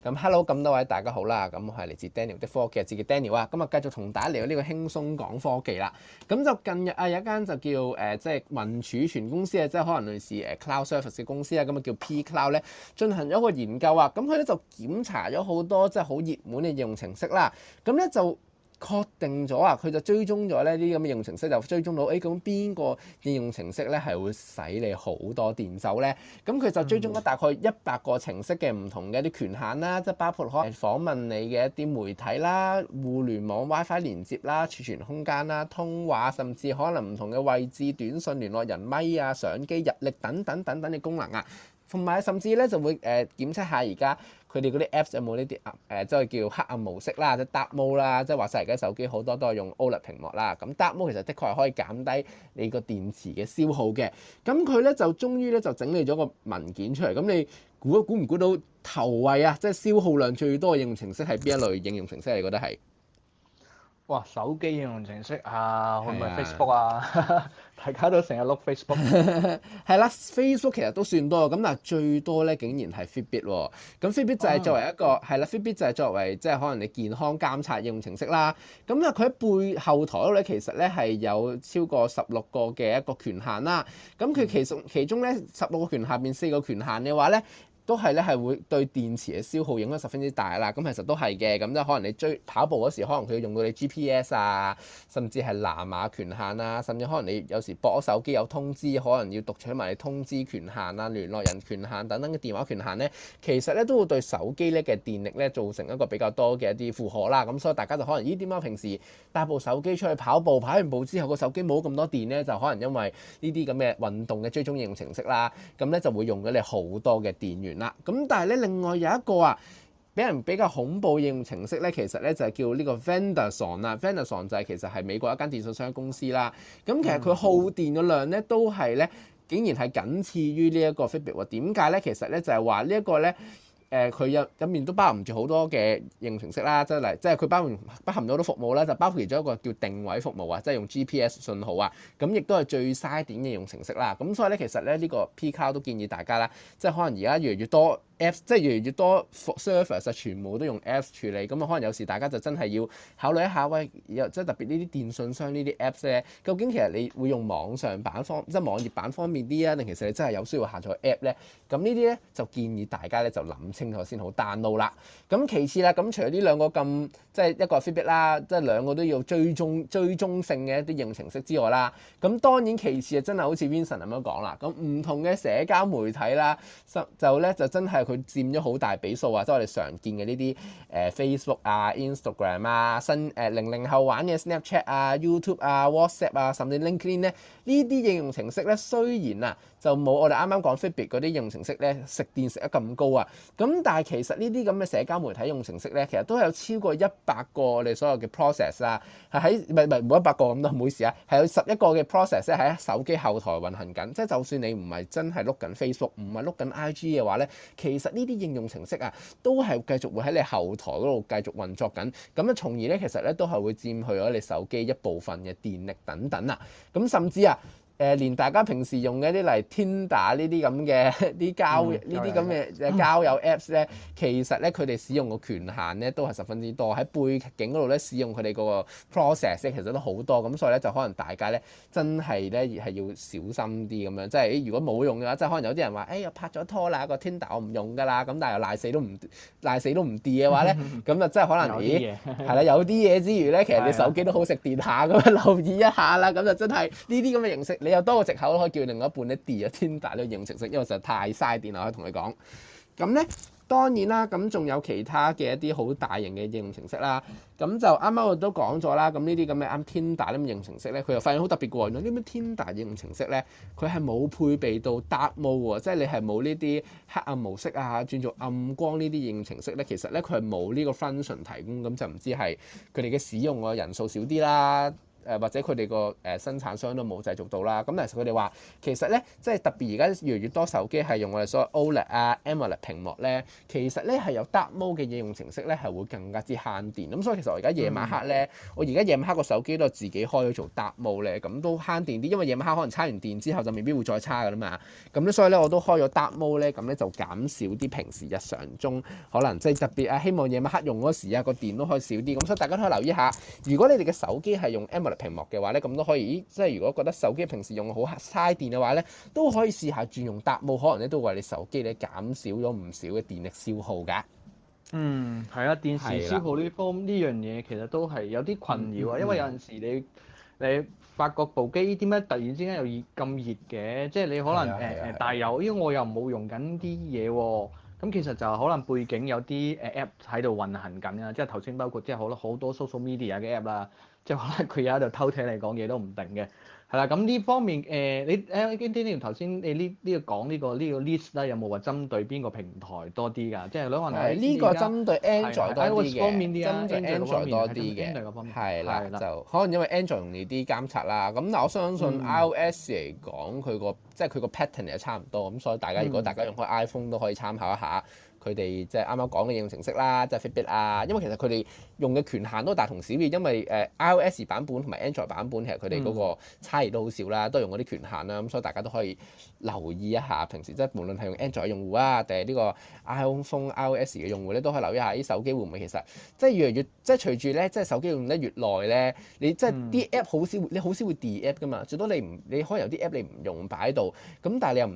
咁 Hello，咁多位大家好啦，咁我係嚟自 Daniel 的科技，自己 Daniel 啊，咁啊繼續同大家嚟到呢個輕鬆講科技啦。咁就近日啊，有一間就叫誒，即係雲儲存公司啊，即係可能類似誒 cloud service 公司啊，咁啊叫 P cloud 咧，進行咗一個研究啊。咁佢咧就檢查咗好多即係好熱門嘅應用程式啦。咁咧就。確定咗啊，佢就追蹤咗呢啲咁嘅應用程式，就追蹤到，哎，咁邊個應用程式呢？係會使你好多電手呢。咁佢就追蹤咗大概一百個程式嘅唔同嘅一啲權限啦，即係包括可能訪問你嘅一啲媒體啦、互聯網 WiFi 連接啦、儲存空間啦、通話，甚至可能唔同嘅位置、短信聯絡人、咪啊、相機、日曆等等等等嘅功能啊。同埋甚至咧、呃、就會誒檢測下而家佢哋嗰啲 Apps 有冇呢啲暗誒即係叫黑暗模式啦，mode，即係 Dark Mode 啦，即係話晒而家手機好多都係用 OLED 屏幕啦。咁 Dark Mode 其實的確係可以減低你個電池嘅消耗嘅。咁佢咧就終於咧就整理咗個文件出嚟。咁你估一估唔估到頭位啊？即係消耗量最多嘅應用程式係邊一類應用程式，啊？你覺得係？哇！手機應用程式啊，係咪 Facebook 啊？Yeah. 大家都成日 look Facebook，係啦 ，Facebook 其實都算多咁但係，最多咧，竟然係 Fitbit 喎。咁 Fitbit 就係作為一個係啦，Fitbit 就係作為即係可能你健康監察應用程式啦。咁啊，佢喺背後台咧，其實咧係有超過十六個嘅一個權限啦。咁佢其實其中咧十六個權限下面四個權限嘅話咧。都係咧，係會對電池嘅消耗影響十分之大啦。咁其實都係嘅，咁即可能你追跑步嗰時，可能佢要用到你 GPS 啊，甚至係藍牙權限啊，甚至可能你有時駁手機有通知，可能要讀取埋你通知權限啊、聯絡人權限等等嘅電話權限咧，其實咧都會對手機咧嘅電力咧造成一個比較多嘅一啲負荷啦。咁所以大家就可能，咦點解平時帶部手機出去跑步，跑完步之後個手機冇咁多電咧，就可能因為呢啲咁嘅運動嘅追蹤應用程式啦，咁咧就會用咗你好多嘅電源。咁但係咧，另外有一個啊，俾人比較恐怖應用程式咧，其實咧就係叫呢個 Venderson 啦。 Venderson 就係其實係美國一間電信商公司啦。咁其實佢耗電嘅量咧，都係咧，竟然係僅次於呢一個 Fitbit。點解咧？其實咧就係話呢一個咧。誒佢入入面都包含唔住好多嘅應用程式啦，即係即係佢包含包含咗好多服務啦，就包括其中一個叫定位服務啊，即係用 GPS 信號啊，咁亦都係最嘥電應用程式啦，咁所以咧其實咧呢個 pCloud 都建議大家啦，即係可能而家越嚟越多。Apps 即係越嚟越多 service 啊，全部都用 Apps 處理，咁啊可能有時大家就真係要考慮一下，喂，即係特別呢啲電信商呢啲 Apps 咧，APP S，究竟其實你會用網上版方，即係網頁版方便啲啊，定其實你真係有需要下載 App 咧？咁呢啲咧就建議大家咧就諗清楚先好 download 啦。咁其次咧，咁除咗呢兩個咁，即係一個 Facebook 啦，即係兩個都要追蹤追蹤性嘅一啲應用程式之外啦，咁當然其次啊，真係好似 Vincent 咁樣講啦，咁唔同嘅社交媒體啦，就就咧就真係。佢佔咗好大比數啊！即、就、係、是、我哋常見嘅呢啲誒 Facebook 啊、Instagram、呃、啊、新誒零零後玩嘅 Snapchat 啊、YouTube 啊、WhatsApp 啊，甚至 LinkedIn 咧呢啲應用程式咧，雖然啊就冇我哋啱啱講 Fitbit 嗰啲應用程式咧食電食得咁高啊，咁但係其實呢啲咁嘅社交媒體用程式咧，其實都有超過一百個我哋所有嘅 process 啊，係喺唔係唔係冇一百個咁多，唔好意思啊，係有十一個嘅 process 喺手機後台運行緊，即係就算你唔係真係碌緊 Facebook，唔係碌緊 IG 嘅話咧，其其實呢啲應用程式啊，都係繼續會喺你後台嗰度繼續運作緊，咁從而咧，其實咧都係會佔去咗你手機一部分嘅電力等等喇，咁甚至啊～誒、呃、連大家平時用嘅啲例如 Tinder 呢啲咁嘅啲交呢啲咁嘅誒交友 Apps 咧、嗯，其實咧佢哋使用嘅權限咧都係十分之多，喺背景嗰度咧使用佢哋嗰個 process 咧，其實都好多，咁所以咧就可能大家咧真係咧係要小心啲咁樣，即係誒如果冇用嘅話，即係可能有啲人話誒、哎那個、我拍咗拖啦，個 Tinder 我唔用㗎啦，咁但係又賴死都唔賴死都唔 delete 嘅話咧，咁 就真係可能咦係啦， 有啲嘢之餘咧，其實你手機都好食電下咁樣，留意一下啦，咁就真係呢啲咁嘅形式有多個藉口可以叫另外一半咧 D」啊！Tinder 啲應用程式，因為實在太嘥電啦，我可以同你講。咁咧當然啦，咁仲有其他嘅一啲好大型嘅應用程式啦。咁就啱啱我都講咗啦。咁呢啲咁嘅啱 Tinder 啲應用程式咧，佢又發現好特別嘅喎。原來啲咩 Tinder 應用程式咧，佢係冇配備到 dark mode 喎，即係你係冇呢啲黑暗模式啊、轉做暗光呢啲應用程式咧。其實咧，佢係冇呢個 function 提供，咁就唔知係佢哋嘅使用嘅人數少啲啦。誒或者佢哋個誒生產商都冇製造到啦，咁其實佢哋話其實咧，即係特別而家越嚟越多手機係用我哋所謂 OLED 啊、AMOLED 屏幕咧，其實咧係有 Dark Mode 嘅應用程式咧係會更加之慳電，咁所以其實我而家夜晚黑咧，嗯、我而家夜晚黑個手機都自己開咗做 Dark Mode 咧，咁都慳電啲，因為夜晚黑可能叉完電之後就未必會再叉㗎喇嘛，咁咧所以咧我都開咗 Dark Mode 咧，咁咧就減少啲平時日常中可能即係特別啊希望夜晚黑用嗰時啊、個電都可以少啲，咁所以大家可以留意下，如果你哋嘅手機係用屏幕嘅話咧，咁都可以。即係如果覺得手機平時用好嘥電嘅話咧，都可以試下轉用搭霧，可能咧都為你手機咧減少咗唔少嘅電力消耗㗎。嗯，係啊，電視消耗呢方面呢的樣嘢其實都係有啲困擾啊。因為有陣時你你發覺部機點解突然之間又熱咁熱嘅？即係你可能誒誒大有，因為我又冇用緊啲嘢喎。咁其實就可能背景有啲誒 app 喺度運行緊啊。即係頭先包括即係好啦，好多 social media 嘅 app 啦。即係可能，佢而家喺度偷聽你講嘢都唔定嘅，係啦。咁呢方面誒，你 L D 呢頭先你呢呢個講呢個呢個 list 啦，有冇話針對邊個平台多啲㗎？即係兩個係呢個針對 Android 多啲嘅，方便啲啊，針對 Android 多啲嘅。係啦，就可能因為 Android 容易啲監察啦。咁但我相信 iOS 嚟講，佢個即係佢個 pattern 係差唔多咁，所以大家如果大家用開 iPhone 都可以參考一下佢哋即係啱啱講嘅應用程式啦，即係 Fitbit 啊，因為其實佢哋。用嘅權限都大同小異，因為誒、uh, iOS 版本同埋 Android 版本其實佢哋嗰個差異都好少啦，都用嗰啲權限啦，咁所以大家都可以留意一下。平時即係無論係用 Android 用戶啊，定係呢個 iPhone iOS 嘅用戶咧，都可以留意下啲手機會唔會其實即係越嚟越即係隨住咧，即係手機用得越耐咧，你即係啲 app 好少你好少會 delete app 噶嘛，最多你唔你可以有啲 app 你唔用擺喺度，咁但係你又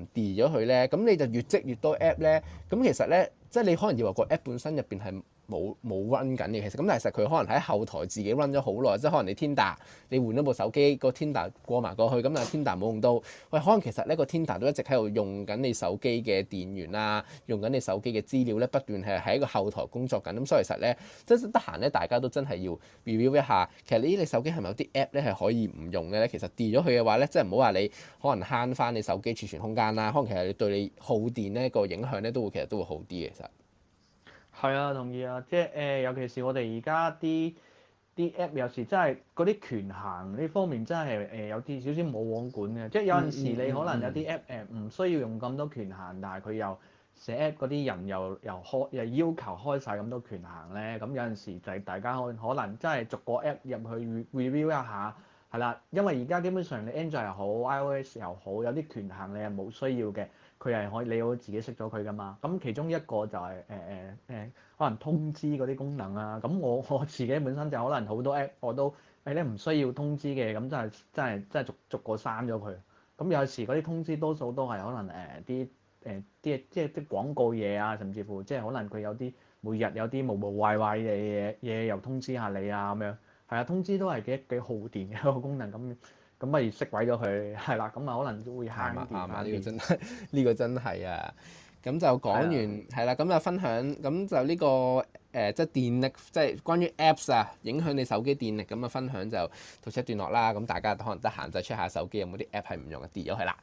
唔 delete 咗佢咧，咁你就越積越多 app 咧，咁其實咧即係你可能以為個 app 本身入邊係。冇冇 run 緊嘅，其實咁，但係其實佢可能喺後台自己 run 咗好耐，即係可能你 Tinder，你換咗部手機，個 Tinder 過埋過去，咁啊 Tinder 冇用到，喂，可能其實咧、呢個 Tinder 都一直喺度用緊你手機嘅電源啊，用緊你手機嘅資料呢，不斷係喺一個後台工作緊，咁所以其實呢，真得閒呢，大家都真係要 review 一下，其實呢啲手機係咪有啲 app 呢？係可以唔用嘅呢？其實跌咗佢嘅話呢，即係唔好話你可能慳翻你手機儲存空間啦，可能其實你對你耗電呢個影響呢，都會其實都會好啲嘅，其實。係啊，同意啊，即係誒、呃，尤其是我哋而家啲啲 app 有時真係嗰啲權限呢方面真係誒有啲少少冇王管嘅，嗯嗯、即係有陣時你可能有啲 app 誒唔需要用咁多權限，但係佢又寫 app 嗰啲人又又開又要求開晒咁多權限咧，咁有陣時就係大家可能真係逐個 app 入去 review 一下係啦，因為而家基本上你 Android 又好，iOS 又好，有啲權限你係冇需要嘅。佢係可以，你要自己識咗佢㗎嘛？咁其中一個就係誒誒誒，可能通知嗰啲功能啊。咁、嗯、我我自己本身就可能好多 app、哎、我都誒咧唔需要通知嘅，咁就係、是、真係真係逐逐，逐個刪咗佢。咁、嗯、有時嗰啲通知多數都係可能誒啲誒啲即係啲廣告嘢啊，甚至乎即係可能佢有啲每日有啲無無謂謂嘅嘢嘢又通知下你啊咁樣。係啊，通知都係幾幾，幾耗電嘅一個功能咁。Connect time 咁咪如熄鬼咗佢，係啦，咁啊可能會慳啲啦。呢的電、這個真係，呢、這個真係啊！咁就講完，係啦的，咁就分享，咁就呢、這個誒、呃，即係電力，即係關於 Apps 啊，影響你手機電力，咁啊分享就到此一段落啦。咁大家可能得閒就 check 下手機有冇啲 App 係唔用嘅，跌咗係啦。